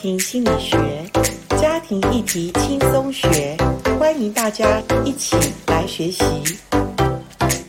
聽心理學，家庭議題輕鬆學，歡迎大家一起來學習。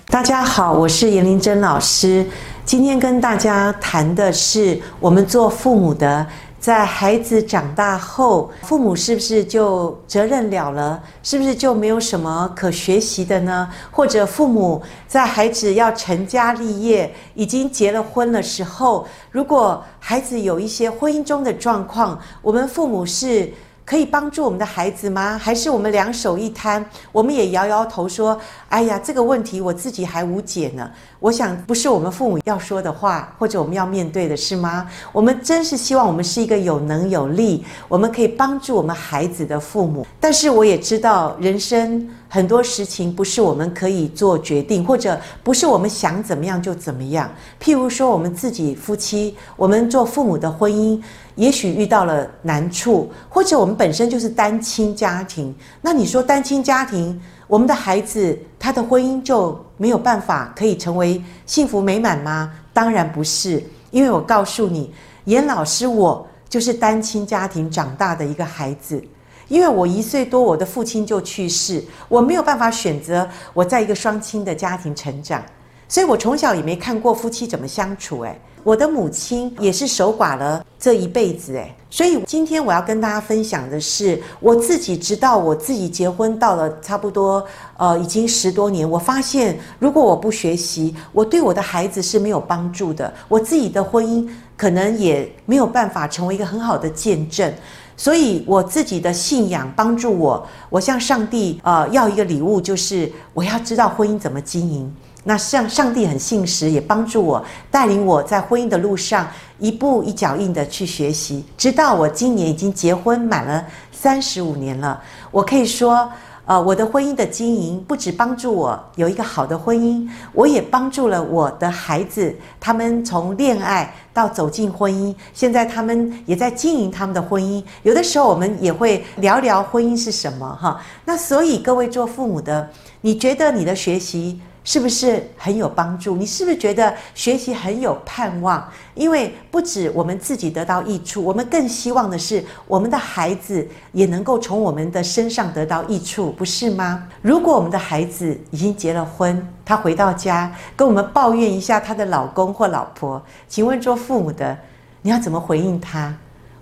大家好，我是延玲珍老師，今天跟大家談的是我們做父母的。在孩子長大後，父母是不是就責任了了？是不是就沒有什麼可學習的呢？或者父母在孩子要成家立業、已經結了婚的時候，如果孩子有一些婚姻中的狀況，我們父母是？可以幫助我們的孩子嗎？還是我們兩手一攤，我們也搖搖頭說：“哎呀，這個問題我自己還無解呢。”我想不是我們父母要說的話，或者我們要面對的是嗎？我們真是希望我們是一個有能有力，我們可以幫助我們孩子的父母。但是我也知道人生。很多事情不是我們可以做決定，或者不是我們想怎麼樣就怎麼樣。譬如說，我們自己夫妻，我們做父母的婚姻，也許遇到了難處，或者我們本身就是單親家庭。那你說單親家庭，我們的孩子他的婚姻就沒有辦法可以成為幸福美滿嗎？當然不是，因為我告訴你，延老師，我就是單親家庭長大的一個孩子。因為我一歲多，我的父親就去世，我沒有辦法選擇我在一個雙親的家庭成長，所以我從小也沒看過夫妻怎麼相處、哎。誒，我的母親也是守寡了這一輩子、哎。誒，所以今天我要跟大家分享的是，我自己直到我自己結婚到了差不多，呃，已經十多年，我發現如果我不學習，我對我的孩子是沒有幫助的，我自己的婚姻可能也沒有辦法成為一個很好的見證。所以我自己的信仰幫助我，我向上帝呃要一個禮物，就是我要知道婚姻怎麼經營。那像上，上帝很信實，也幫助我帶領我在婚姻的路上一步一腳印的去學習，直到我今年已經結婚滿了三十五年了，我可以說。啊、呃，我的婚姻的經營不只幫助我有一個好的婚姻，我也幫助了我的孩子，他們從戀愛到走進婚姻，現在他們也在經營他們的婚姻。有的時候我們也會聊聊婚姻是什麼，哈。那所以各位做父母的，你覺得你的學習？是不是很有幫助？你是不是覺得學習很有盼望？因為不止我們自己得到益處，我們更希望的是我們的孩子也能夠從我們的身上得到益處，不是嗎？如果我們的孩子已經結了婚，他回到家跟我們抱怨一下他的老公或老婆，請問做父母的，你要怎麼回應他？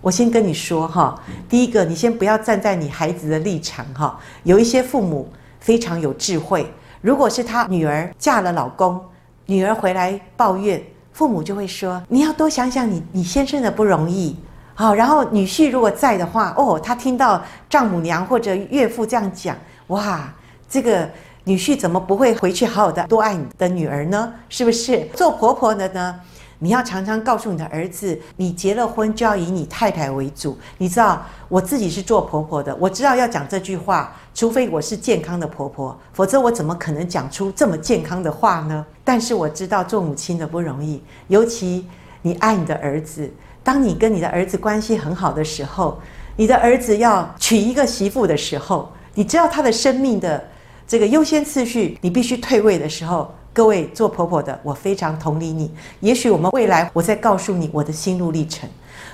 我先跟你說哈，第一個，你先不要站在你孩子的立場哈，有一些父母非常有智慧。如果是她女兒嫁了老公，女兒回來抱怨，父母就會說：“你要多想想你你先生的不容易。”好、哦，然後女婿如果在的話，哦，他聽到丈母娘或者岳父這樣講，哇，這個女婿怎麼不會回去好好的多愛你的女兒呢？是不是？做婆婆的呢？你要常常告訴你的兒子，你結了婚就要以你太太為主。你知道，我自己是做婆婆的，我知道要講這句話，除非我是健康的婆婆，否則我怎麼可能講出這麼健康的話呢？但是我知道做母親的不容易，尤其你愛你的兒子。當你跟你的兒子關係很好的時候，你的兒子要娶一個媳婦的時候，你知道他的生命的這個優先次序，你必須退位的時候。各位做婆婆的，我非常同理你。也許我們未來我再告訴你我的心路歷程，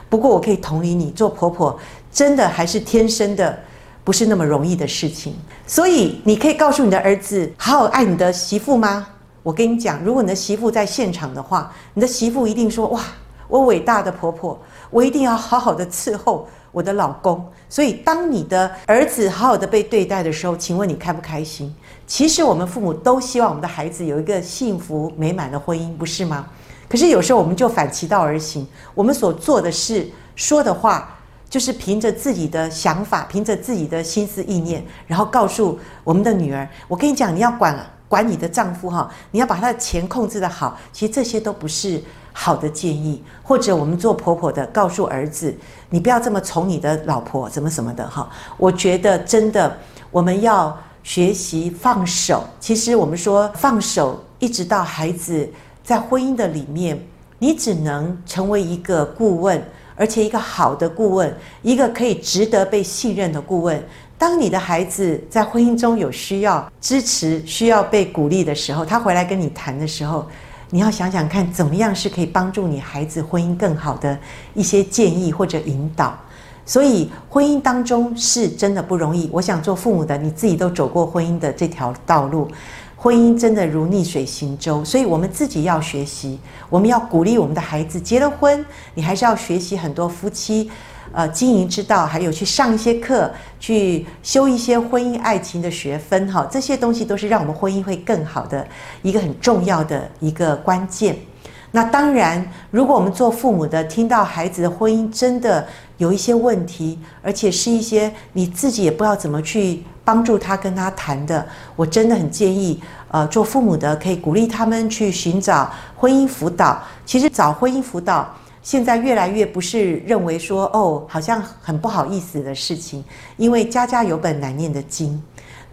不過我可以同理你，做婆婆真的還是天生的，不是那麼容易的事情。所以你可以告訴你的兒子，好好愛你的媳婦嗎？我跟你講，如果你的媳婦在現場的話，你的媳婦一定說：哇，我偉大的婆婆，我一定要好好的伺候。我的老公，所以當你的兒子好好的被對待的時候，請問你開不開心？其實我們父母都希望我們的孩子有一個幸福美滿的婚姻，不是嗎？可是有時候我們就反其道而行，我們所做的事、說的話，就是憑着自己的想法、憑着自己的心思意念，然後告訴我們的女兒：“我跟你講，你要管管你的丈夫哈，你要把他的錢控制得好。”其實這些都不是。好的建議，或者我們做婆婆的告訴兒子，你不要這麼寵你的老婆，怎麼怎麼的哈。我覺得真的，我們要學習放手。其實我們說放手，一直到孩子在婚姻的裡面，你只能成為一個顧問，而且一個好的顧問，一個可以值得被信任的顧問。當你的孩子在婚姻中有需要支持、需要被鼓勵的時候，他回來跟你談的時候。你要想想看，怎麼樣是可以幫助你孩子婚姻更好的一些建議或者引導。所以婚姻當中是真的不容易。我想做父母的，你自己都走過婚姻的這條道路。婚姻真的如逆水行舟，所以我們自己要學習，我們要鼓勵我們的孩子結了婚，你還是要學習很多夫妻，呃，經營之道，還有去上一些課，去修一些婚姻愛情的學分，哈、哦，這些東西都是讓我們婚姻會更好的一個很重要的一個關鍵。那當然，如果我們做父母的聽到孩子的婚姻真的有一些問題，而且是一些你自己也不知道怎麼去幫助他跟他談的，我真的很建議，呃，做父母的可以鼓勵他們去尋找婚姻輔導。其實找婚姻輔導，現在越來越不是認為說哦，好像很不好意思的事情，因為家家有本難念的經。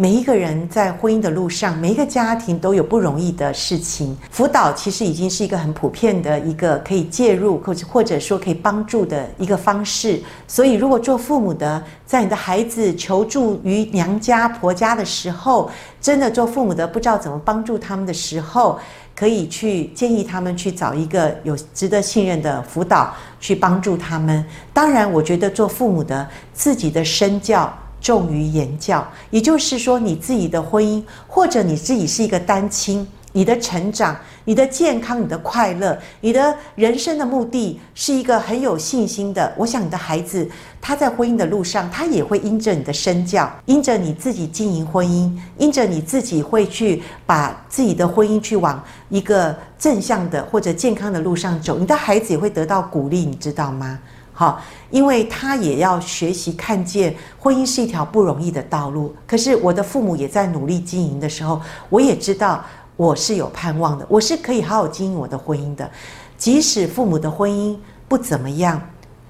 每一個人在婚姻的路上，每一個家庭都有不容易的事情。輔導其實已經是一個很普遍的一個可以介入，或者或者說可以幫助的一個方式。所以，如果做父母的在你的孩子求助於娘家婆家的時候，真的做父母的不知道怎麼幫助他們的時候，可以去建議他們去找一個有值得信任的輔導去幫助他們。當然，我覺得做父母的自己的身教。重於言教，也就是說，你自己的婚姻，或者你自己是一個單親，你的成長、你的健康、你的快樂、你的人生的目的，是一個很有信心的。我想，你的孩子他在婚姻的路上，他也會因着你的身教，因着你自己經營婚姻，因着你自己會去把自己的婚姻去往一個正向的或者健康的路上走，你的孩子也會得到鼓勵，你知道嗎？好，因為他也要學習看見婚姻是一條不容易的道路。可是我的父母也在努力經營的時候，我也知道我是有盼望的，我是可以好好經營我的婚姻的。即使父母的婚姻不怎麼樣，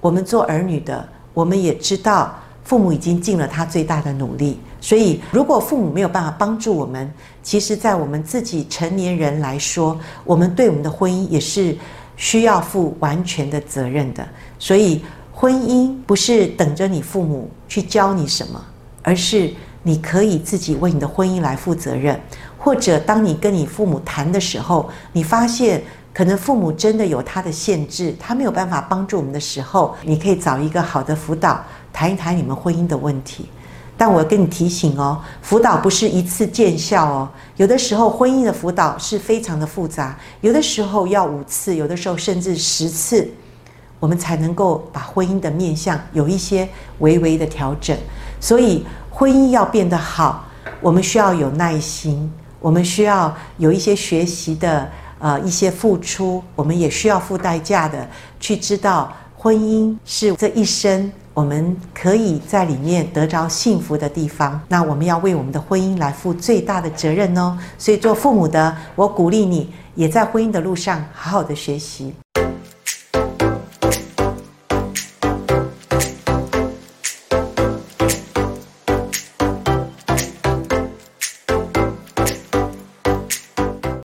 我們做兒女的，我們也知道父母已經盡了他最大的努力。所以，如果父母沒有辦法幫助我們，其實，在我們自己成年人來說，我們對我們的婚姻也是需要負完全的責任的。所以，婚姻不是等着你父母去教你什麼，而是你可以自己為你的婚姻來負責任。或者，當你跟你父母談的時候，你發現可能父母真的有他的限制，他沒有辦法幫助我們的時候，你可以找一個好的輔導談一談你們婚姻的問題。但我要跟你提醒哦，輔導不是一次見效哦，有的時候婚姻的輔導是非常的複雜，有的時候要五次，有的時候甚至十次。我們才能夠把婚姻的面向有一些微微的調整，所以婚姻要變得好，我們需要有耐心，我們需要有一些學習的，呃，一些付出，我們也需要付代價的去知道，婚姻是這一生我們可以在裡面得着幸福的地方。那我們要為我們的婚姻來負最大的責任哦。所以做父母的，我鼓勵你也在婚姻的路上好好的學習。